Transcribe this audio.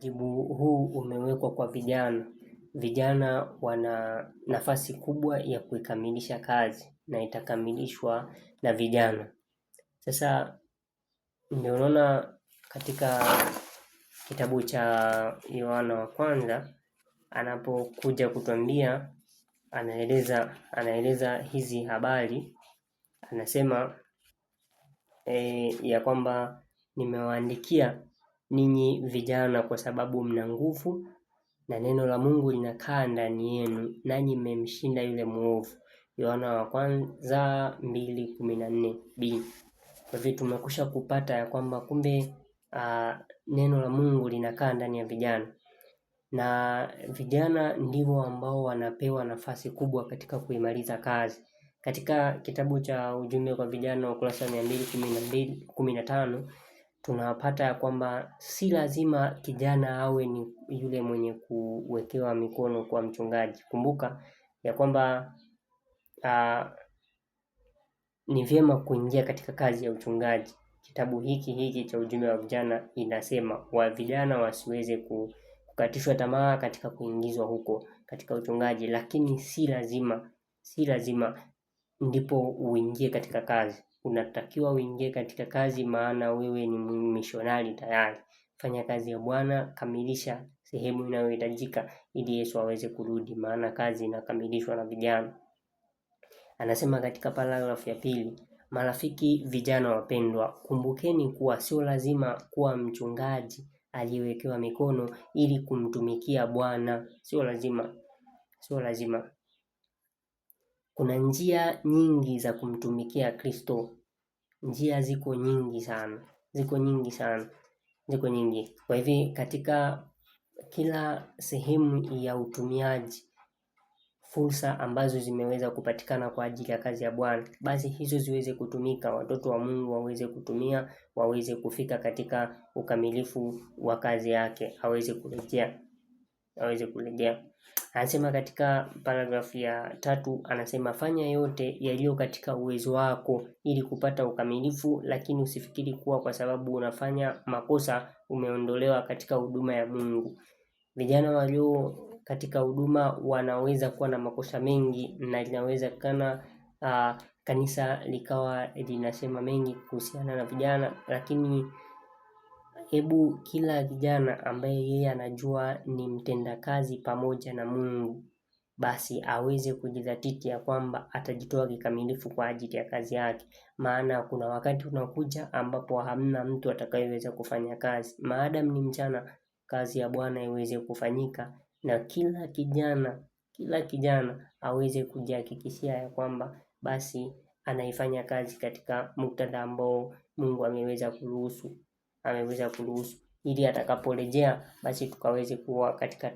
Wajibu huu umewekwa kwa vijana. Vijana wana nafasi kubwa ya kuikamilisha kazi na itakamilishwa na vijana. Sasa ndio naona katika kitabu cha Yohana wa kwanza anapokuja kutuambia, anaeleza anaeleza hizi habari, anasema e, ya kwamba nimewaandikia ninyi vijana, kwa sababu mna nguvu na neno la Mungu linakaa ndani yenu, nanyi mmemshinda yule mwovu. Yohana wa kwanza mbili kumi na nne b. Kwa hivyo tumekusha kupata ya kwamba kumbe uh, neno la Mungu linakaa ndani ya vijana na vijana ndivyo ambao wanapewa nafasi kubwa katika kuimaliza kazi. Katika kitabu cha ujumbe kwa vijana ukurasa mia mbili kumi na tano tunapata ya kwamba si lazima kijana awe ni yule mwenye kuwekewa mikono kwa mchungaji. Kumbuka ya kwamba uh, ni vyema kuingia katika kazi ya uchungaji. Kitabu hiki hiki cha ujumbe wa vijana inasema wa vijana wasiweze kukatishwa tamaa katika kuingizwa huko katika uchungaji, lakini si lazima si lazima ndipo uingie katika kazi unatakiwa uingie katika kazi, maana wewe ni mishonari tayari. Fanya kazi ya Bwana, kamilisha sehemu inayohitajika ili Yesu aweze kurudi, maana kazi inakamilishwa na vijana. Anasema katika paragrafu ya pili, marafiki vijana wapendwa, kumbukeni kuwa sio lazima kuwa mchungaji aliyewekewa mikono ili kumtumikia Bwana. Sio lazima, sio lazima. Kuna njia nyingi za kumtumikia Kristo njia ziko nyingi sana, ziko nyingi sana, ziko nyingi. Kwa hivyo katika kila sehemu ya utumiaji fursa ambazo zimeweza kupatikana kwa ajili ya kazi ya Bwana, basi hizo ziweze kutumika, watoto wa Mungu waweze kutumia, waweze kufika katika ukamilifu wa kazi yake, aweze kurejea aweze kurejea. Anasema katika paragrafu ya tatu, anasema fanya yote yaliyo katika uwezo wako ili kupata ukamilifu, lakini usifikiri kuwa kwa sababu unafanya makosa umeondolewa katika huduma ya Mungu. Vijana walio katika huduma wanaweza kuwa na makosa mengi na linawezekana uh, kanisa likawa linasema mengi kuhusiana na vijana lakini hebu kila kijana ambaye yeye anajua ni mtendakazi pamoja na Mungu, basi aweze kujidhatiti ya kwamba atajitoa kikamilifu kwa ajili ya kazi yake, maana kuna wakati unakuja ambapo hamna mtu atakayeweza kufanya kazi. Maadamu ni mchana, kazi ya Bwana iweze kufanyika, na kila kijana kila kijana aweze kujihakikishia ya kwamba basi anaifanya kazi katika muktadha ambao Mungu ameweza kuruhusu ameweza kuruhusu ili atakaporejea basi tukaweze kuwa katika